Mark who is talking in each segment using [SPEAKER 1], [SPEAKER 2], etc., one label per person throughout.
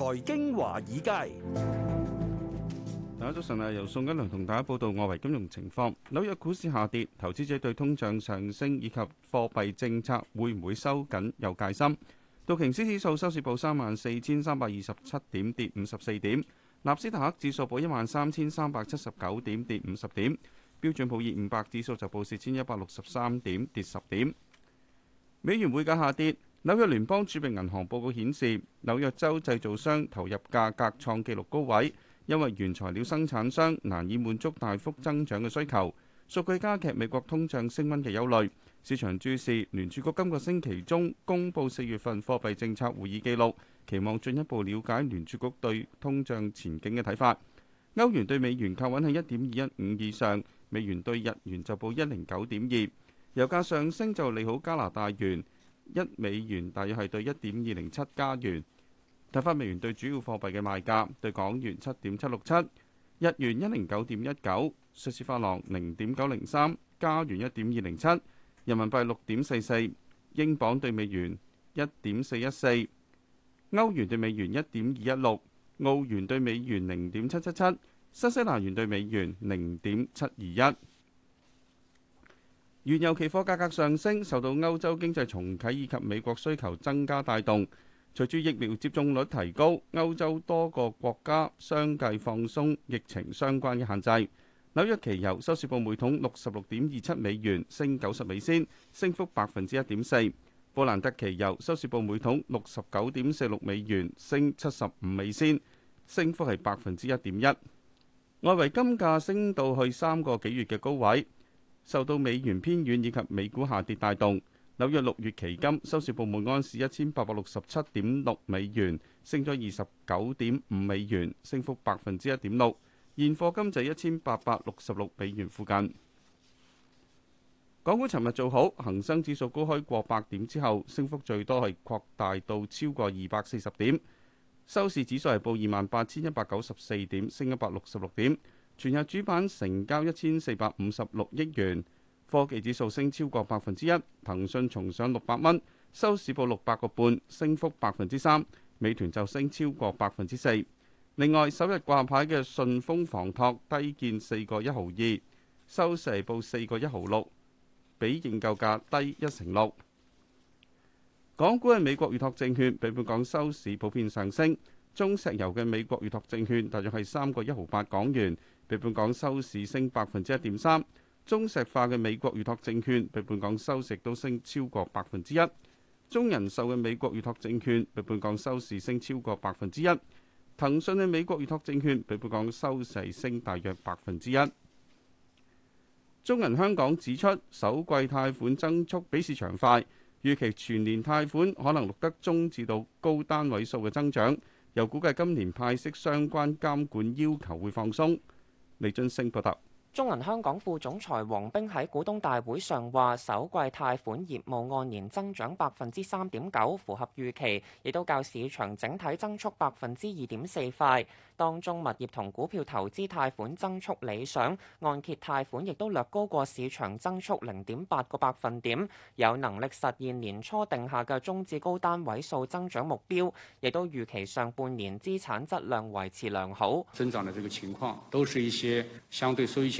[SPEAKER 1] 財經華爾街，大家早晨啊！由宋一良同大家報道外圍金融情況。紐約股市下跌，投資者對通脹上升以及貨幣政策會唔會收緊有戒心。道瓊斯指數收市報三萬四千三百二十七點，跌五十四點。納斯達克指數報一萬三千三百七十九點，跌五十點。標準普爾五百指數就報四千一百六十三點，跌十點。美元匯價下跌。紐約聯邦儲備銀行報告顯示，紐約州製造商投入價格創紀錄高位，因為原材料生產商難以滿足大幅增長嘅需求。數據加劇美國通脹升溫嘅憂慮。市場注視聯儲局今個星期中公佈四月份貨幣政策會議記錄，期望進一步了解聯儲局對通脹前景嘅睇法。歐元對美元靠穩喺一點二一五以上，美元對日元就報一零九點二。油價上升就利好加拿大元。一美元大約係對一點二零七加元。睇返美元對主要貨幣嘅賣價，對港元七點七六七，日元一零九點一九，瑞士法郎零點九零三，加元一點二零七，人民幣六點四四，英鎊對美元一點四一四，歐元對美元一點二一六，澳元對美元零點七七七，新西蘭元對美元零點七二一。原油期貨價格上升，受到歐洲經濟重啟以及美國需求增加帶動。隨住疫苗接種率提高，歐洲多個國家相繼放鬆疫情相關嘅限制。紐約期油收市報每桶六十六點二七美元，升九十美仙，升幅百分之一點四。布蘭特期油收市報每桶六十九點四六美元，升七十五美仙，升幅係百分之一點一。外圍金價升到去三個幾月嘅高位。受到美元偏軟，以及美股下跌帶動，紐約六月期金收市報每安士一千八百六十七點六美元，升咗二十九點五美元，升幅百分之一點六。現貨金就一千八百六十六美元附近。港股尋日做好，恒生指數高開過百點之後，升幅最多係擴大到超過二百四十點，收市指數係報二萬八千一百九十四點，升一百六十六點。全日主板成交一千四百五十六億元，科技指數升超過百分之一，騰訊重上六百蚊，收市報六百個半，升幅百分之三。美團就升超過百分之四。另外，首日掛牌嘅順豐房託低見四個一毫二，收市報四個一毫六，比認購價低一成六。港股嘅美國預託證券比本港收市普遍上升，中石油嘅美國預託證券大約係三個一毫八港元。比本港收市升百分之一點三，中石化嘅美國預託證券比本港收市都升超過百分之一；中人壽嘅美國預託證券比本港收市升超過百分之一；騰訊嘅美國預託證券比本港收市升大約百分之一。中銀香港指出，首季貸款增速比市場快，預期全年貸款可能錄得中至到高單位數嘅增長，又估計今年派息相關監管要求會放鬆。李俊升報道。
[SPEAKER 2] 中銀香港副總裁黃冰喺股東大會上話，首季貸款業務按年增長百分之三點九，符合預期，亦都較市場整體增速百分之二點四快，當中物業同股票投資貸款增速理想，按揭貸款亦都略高過市場增速零點八個百分點，有能力實現年初定下嘅中至高單位數增長目標，亦都預期上半年資產質量維持良好。增長嘅這個情況都是一些相對收益。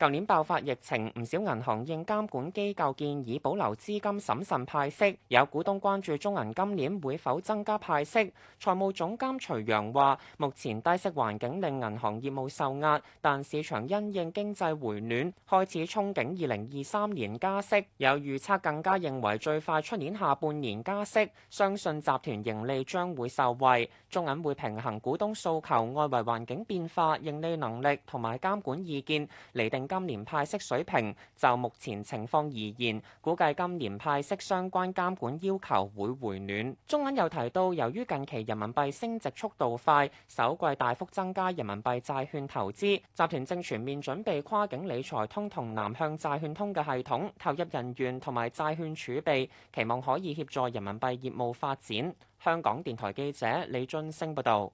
[SPEAKER 2] 舊年爆發疫情，唔少銀行應監管機構建議保留資金審慎派息。有股東關注中銀今年會否增加派息。財務總監徐陽話：目前低息環境令銀行業務受壓，但市場因應經濟回暖開始憧憬二零二三年加息。有預測更加認為最快出年下半年加息，相信集團盈利將會受惠。中銀會平衡股東訴求、外圍環境變化、盈利能力同埋監管意見嚟定。今年派息水平就目前情況而言，估計今年派息相關監管要求會回暖。中銀又提到，由於近期人民幣升值速度快，首季大幅增加人民幣債券投資，集團正全面準備跨境理財通同南向債券通嘅系統，投入人員同埋債券儲備，期望可以協助人民幣業務發展。香港電台記者李俊升報道。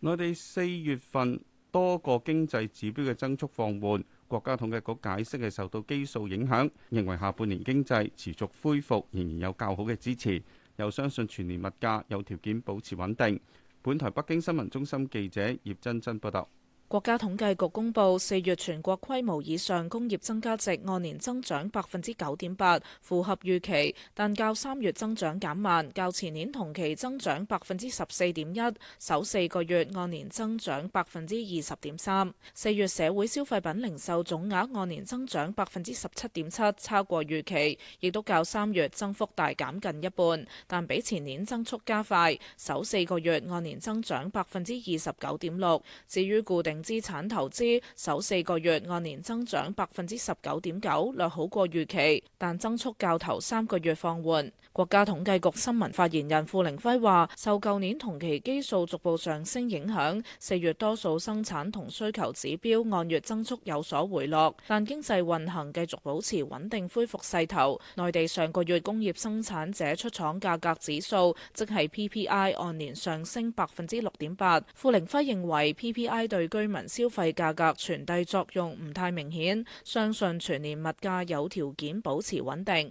[SPEAKER 1] 內地四月份，多個經濟指標嘅增速放緩，國家統計局解釋係受到基數影響，認為下半年經濟持續恢復，仍然有較好嘅支持，又相信全年物價有條件保持穩定。本台北京新聞中心記者葉真真報道。
[SPEAKER 3] 國家統計局公布，四月全國規模以上工業增加值按年增長百分之九點八，符合預期。但較三月增長減慢，較前年同期增長百分之十四點一，首四個月按年增長百分之二十點三。四月社會消費品零售總額按年增長百分之十七點七，超過預期，亦都較三月增幅大減近一半，但比前年增速加快，首四個月按年增長百分之二十九點六。至於固定資產投資首四個月按年增長百分之十九點九，略好過預期，但增速較頭三個月放緩。國家統計局新聞發言人傅凌輝話，受舊年同期基數逐步上升影響，四月多數生產同需求指標按月增速有所回落，但經濟運行繼續保持穩定恢復勢頭。內地上個月工業生產者出廠價格指數即係 PPI 按年上升百分之六點八。傅凌輝認為 PPI 對居民民消費價格傳遞作用唔太明顯，相信全年物價有條件保持穩定。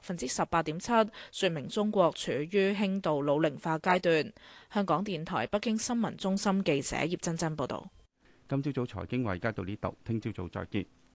[SPEAKER 3] 百分之十八點七，説明，中國處於輕度老齡化階段。香港電台北京新聞中心記者葉珍珍報道。
[SPEAKER 1] 今朝早財經華爾街到呢度，聽朝早，早再見。